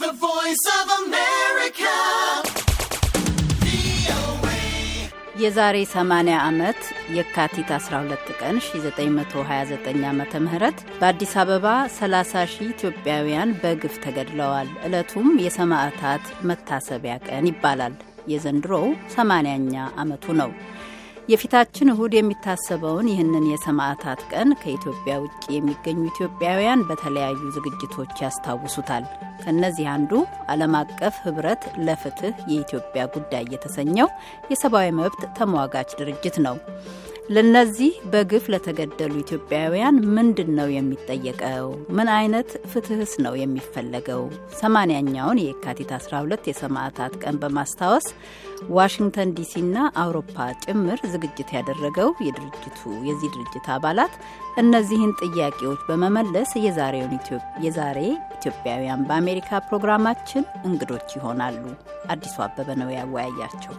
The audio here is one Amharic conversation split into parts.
The Voice of America. የዛሬ 80 ዓመት የካቲት 12 ቀን 1929 ዓ ም በአዲስ አበባ 30 ሺህ ኢትዮጵያውያን በግፍ ተገድለዋል። ዕለቱም የሰማዕታት መታሰቢያ ቀን ይባላል። የዘንድሮው 80ኛ ዓመቱ ነው። የፊታችን እሁድ የሚታሰበውን ይህንን የሰማዕታት ቀን ከኢትዮጵያ ውጭ የሚገኙ ኢትዮጵያውያን በተለያዩ ዝግጅቶች ያስታውሱታል። ከእነዚህ አንዱ ዓለም አቀፍ ህብረት ለፍትህ የኢትዮጵያ ጉዳይ የተሰኘው የሰብአዊ መብት ተሟጋች ድርጅት ነው። ለነዚህ በግፍ ለተገደሉ ኢትዮጵያውያን ምንድን ነው የሚጠየቀው? ምን አይነት ፍትህስ ነው የሚፈለገው? ሰማንያኛውን የካቲት 12 የሰማዕታት ቀን በማስታወስ ዋሽንግተን ዲሲና አውሮፓ ጭምር ዝግጅት ያደረገው የድርጅቱ የዚህ ድርጅት አባላት እነዚህን ጥያቄዎች በመመለስ የዛሬ ኢትዮጵያውያን በአሜሪካ ፕሮግራማችን እንግዶች ይሆናሉ። አዲሱ አበበ ነው ያወያያቸው።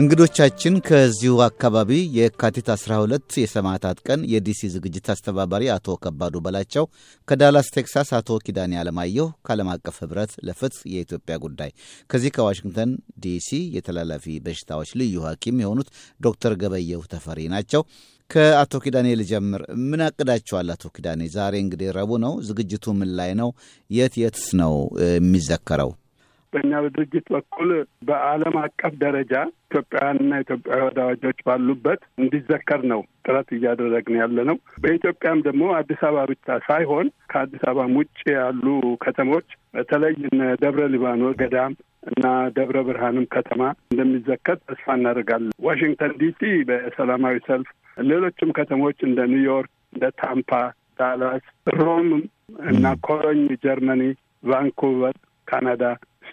እንግዶቻችን ከዚሁ አካባቢ የካቲት 12 የሰማዕታት ቀን የዲሲ ዝግጅት አስተባባሪ አቶ ከባዱ በላቸው፣ ከዳላስ ቴክሳስ አቶ ኪዳኔ አለማየሁ ከዓለም አቀፍ ህብረት ለፍትህ የኢትዮጵያ ጉዳይ፣ ከዚህ ከዋሽንግተን ዲሲ የተላላፊ በሽታዎች ልዩ ሐኪም የሆኑት ዶክተር ገበየሁ ተፈሪ ናቸው። ከአቶ ኪዳኔ ልጀምር። ምን አቅዳችኋል? አቶ ኪዳኔ ዛሬ እንግዲህ ረቡዕ ነው። ዝግጅቱ ምን ላይ ነው? የት የትስ ነው የሚዘከረው? በእኛ በድርጅት በኩል በዓለም አቀፍ ደረጃ ኢትዮጵያውያንና ኢትዮጵያዊ ወዳጆች ባሉበት እንዲዘከር ነው ጥረት እያደረግን ያለ ነው። በኢትዮጵያም ደግሞ አዲስ አበባ ብቻ ሳይሆን ከአዲስ አበባም ውጭ ያሉ ከተሞች በተለይ ደብረ ሊባኖስ ገዳም እና ደብረ ብርሃንም ከተማ እንደሚዘከር ተስፋ እናደርጋለን። ዋሽንግተን ዲሲ በሰላማዊ ሰልፍ፣ ሌሎችም ከተሞች እንደ ኒውዮርክ፣ እንደ ታምፓ፣ ዳላስ፣ ሮም እና ኮሎኝ ጀርመኒ፣ ቫንኩቨር ካናዳ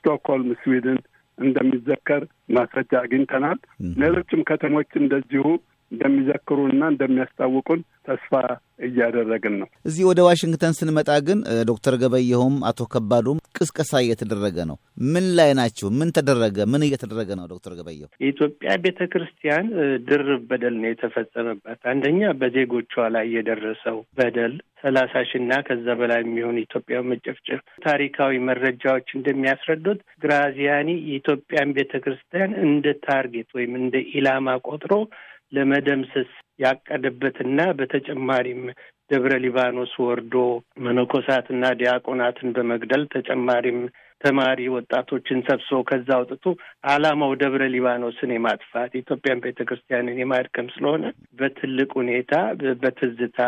ስቶክሆልም ስዊድን እንደሚዘከር ማስረጃ አግኝተናል። ሌሎችም ከተሞች እንደዚሁ እንደሚዘክሩንና እንደሚያስታውቁን ተስፋ እያደረግን ነው። እዚህ ወደ ዋሽንግተን ስንመጣ ግን ዶክተር ገበየሁም አቶ ከባዱም ቅስቀሳ እየተደረገ ነው። ምን ላይ ናችሁ? ምን ተደረገ? ምን እየተደረገ ነው? ዶክተር ገበየሁ የኢትዮጵያ ቤተ ክርስቲያን ድርብ በደል ነው የተፈጸመባት። አንደኛ በዜጎቿ ላይ የደረሰው በደል ሰላሳ ሺና ከዛ በላይ የሚሆን ኢትዮጵያ መጨፍጨፍ። ታሪካዊ መረጃዎች እንደሚያስረዱት ግራዚያኒ የኢትዮጵያን ቤተ ክርስቲያን እንደ ታርጌት ወይም እንደ ኢላማ ቆጥሮ ለመደምሰስ ያቀደበትና በተጨማሪም ደብረ ሊባኖስ ወርዶ መነኮሳትና ዲያቆናትን በመግደል ተጨማሪም ተማሪ ወጣቶችን ሰብስቦ ከዛ አውጥቶ አላማው ደብረ ሊባኖስን የማጥፋት ኢትዮጵያን ቤተ ክርስቲያንን የማድከም ስለሆነ በትልቅ ሁኔታ በትዝታ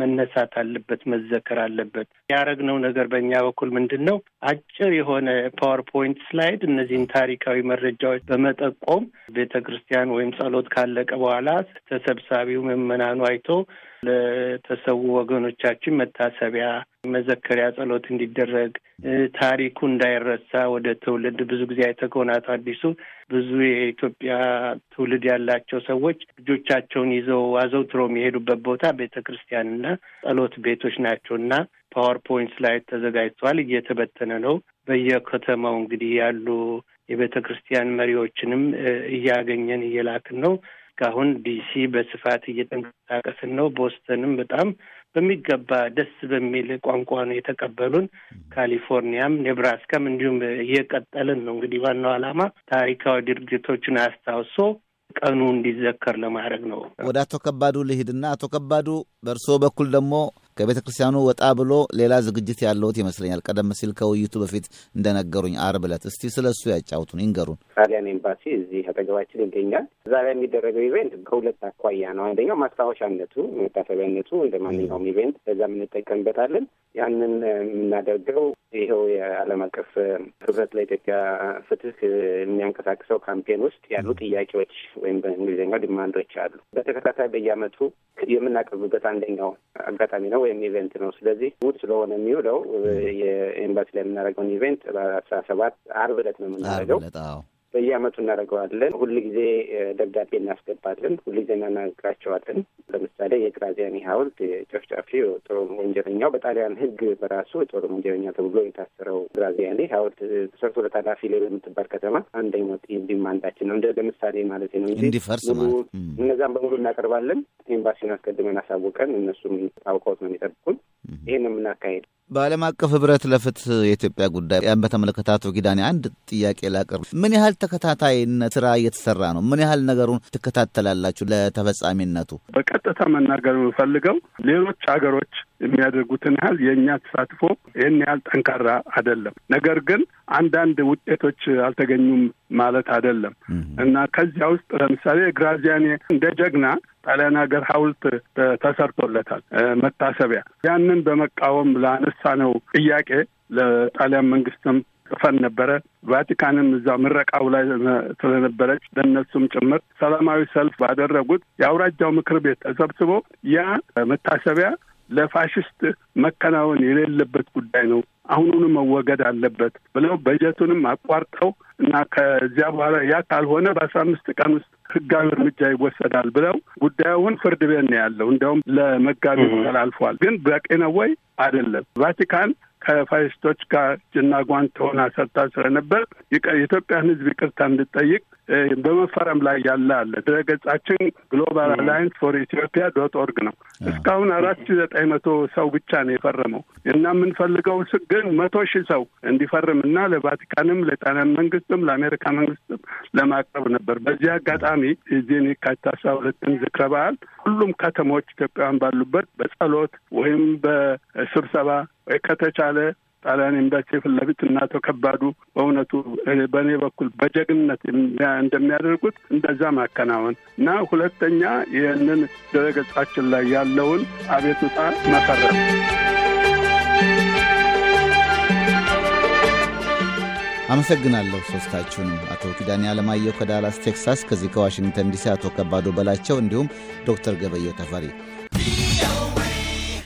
መነሳት አለበት፣ መዘከር አለበት። ያደረግነው ነገር በእኛ በኩል ምንድን ነው? አጭር የሆነ ፓወርፖይንት ስላይድ እነዚህን ታሪካዊ መረጃዎች በመጠቆም ቤተ ክርስቲያን ወይም ጸሎት ካለቀ በኋላ ተሰብሳቢው ምዕመናኑ አይቶ ለተሰዉ ወገኖቻችን መታሰቢያ፣ መዘከሪያ ጸሎት እንዲደረግ ታሪኩ እንዳይረሳ ወደ ትውልድ ብዙ ጊዜ አይተኮናት አዲሱ ብዙ የኢትዮጵያ ትውልድ ያላቸው ሰዎች ልጆቻቸውን ይዘው አዘውትሮ የሚሄዱበት ቦታ ቤተ ክርስቲያንና ጸሎት ቤቶች ናቸው እና ፓወርፖይንት ላይ ተዘጋጅተዋል። እየተበተነ ነው። በየከተማው እንግዲህ ያሉ የቤተ ክርስቲያን መሪዎችንም እያገኘን እየላክን ነው። እስካሁን ዲሲ በስፋት እየተንቀሳቀስን ነው። ቦስተንም በጣም በሚገባ ደስ በሚል ቋንቋ ነው የተቀበሉን። ካሊፎርኒያም፣ ኔብራስካም እንዲሁም እየቀጠልን ነው። እንግዲህ ዋናው ዓላማ ታሪካዊ ድርጅቶችን አስታውሶ ቀኑ እንዲዘከር ለማድረግ ነው። ወደ አቶ ከባዱ ልሂድና አቶ ከባዱ በእርስዎ በኩል ደግሞ ከቤተ ክርስቲያኑ ወጣ ብሎ ሌላ ዝግጅት ያለውት ይመስለኛል። ቀደም ሲል ከውይይቱ በፊት እንደነገሩኝ አርብ ዕለት። እስቲ ስለ እሱ ያጫውቱን ይንገሩን። ጣሊያን ኤምባሲ እዚህ አጠገባችን ይገኛል። እዛ ላይ የሚደረገው ኢቬንት ከሁለት አኳያ ነው። አንደኛው ማስታወሻነቱ፣ መታሰቢያነቱ እንደ ማንኛውም ኢቬንት በዛ የምንጠቀምበታለን። ያንን የምናደርገው ይኸው የዓለም አቀፍ ህብረት ለኢትዮጵያ ፍትህ የሚያንቀሳቅሰው ካምፔን ውስጥ ያሉ ጥያቄዎች ወይም በእንግሊዝኛው ዲማንዶች አሉ። በተከታታይ በየዓመቱ የምናቀርብበት አንደኛው አጋጣሚ ነው። ወይም ኢቨንት ነው። ስለዚህ እሑድ ስለሆነ የሚውለው የኤምባሲ ላይ የምናደርገውን ኢቨንት በአስራ ሰባት አርብ ዕለት ነው የምናደርገው በየአመቱ እናደርገዋለን። ሁል ጊዜ ደብዳቤ እናስገባለን። ሁል ጊዜ እናናግራቸዋለን። ለምሳሌ የግራዚያኒ ሐውልት ጨፍጫፊ ጦር ወንጀለኛው በጣሊያን ሕግ በራሱ ጦር ወንጀለኛ ተብሎ የታሰረው ግራዚያኒ ሐውልት ተሰርቶ ኃላፊ ላይ በምትባል ከተማ አንደኛው ዚህም አንዳችን ነው እንደ ለምሳሌ ማለት ነው እንዲፈርስ ማለት እነዛም በሙሉ እናቀርባለን። ኤምባሲን አስቀድመን አሳውቀን እነሱም አውቀውት ነው የሚጠብቁን። ይህን የምናካሄድ በዓለም አቀፍ ህብረት ለፍትህ የኢትዮጵያ ጉዳይ ያን በተመለከተ አቶ አንድ ጥያቄ ላቅርብ። ምን ያህል ተከታታይነት ስራ እየተሰራ ነው? ምን ያህል ነገሩን ትከታተላላችሁ? ለተፈጻሚነቱ በቀጥታ መናገር የምፈልገው ሌሎች ሀገሮች የሚያደርጉትን ያህል የእኛ ተሳትፎ ይህን ያህል ጠንካራ አይደለም። ነገር ግን አንዳንድ ውጤቶች አልተገኙም ማለት አይደለም እና ከዚያ ውስጥ ለምሳሌ ግራዚያኔ እንደ ጀግና ጣሊያን ሀገር ሐውልት ተሰርቶለታል መታሰቢያ። ያንን በመቃወም ለአነሳ ነው ጥያቄ ለጣሊያን መንግስትም ጽፈን ነበረ። ቫቲካንም እዛ ምረቃው ላይ ስለነበረች ለእነሱም ጭምር ሰላማዊ ሰልፍ ባደረጉት የአውራጃው ምክር ቤት ተሰብስቦ ያ መታሰቢያ ለፋሽስት መከናወን የሌለበት ጉዳይ ነው አሁኑኑ መወገድ አለበት ብለው በጀቱንም አቋርጠው እና ከዚያ በኋላ ያ ካልሆነ በአስራ አምስት ቀን ውስጥ ህጋዊ እርምጃ ይወሰዳል ብለው ጉዳዩን ፍርድ ቤት ነው ያለው። እንዲያውም ለመጋቢ ተላልፏል። ግን በቂ ነው ወይ አይደለም? ቫቲካን ከፋሽስቶች ጋር ጅና ጓንት ሆና ሰርታ ስለነበር የኢትዮጵያን ህዝብ ይቅርታ እንድጠይቅ በመፈረም ላይ ያለ አለ። ድረገጻችን ግሎባል አላይንስ ፎር ኢትዮጵያ ዶት ኦርግ ነው። እስካሁን አራት ሺ ዘጠኝ መቶ ሰው ብቻ ነው የፈረመው እና የምንፈልገው ግን መቶ ሺህ ሰው እንዲፈርም እና ለቫቲካንም ለጣሊያን መንግስትም ለአሜሪካ መንግስትም ለማቅረብ ነበር። በዚህ አጋጣሚ እዚህን የካቲት አስራ ሁለትን ዝክረ በዓል ሁሉም ከተሞች ኢትዮጵያውያን ባሉበት በጸሎት ወይም በስብሰባ ከተቻለ ጣሊያን ኤምባሲ ፊት ለፊት እና አቶ ከባዱ በእውነቱ በእኔ በኩል በጀግንነት እንደሚያደርጉት እንደዛ ማከናወን እና ሁለተኛ ይህንን ድረገጻችን ላይ ያለውን አቤቱታ መፈረም። አመሰግናለሁ ሶስታችሁንም። አቶ ኪዳኔ አለማየሁ ከዳላስ ቴክሳስ፣ ከዚህ ከዋሽንግተን ዲሲ አቶ ከባዶ በላቸው እንዲሁም ዶክተር ገበየው ተፈሪ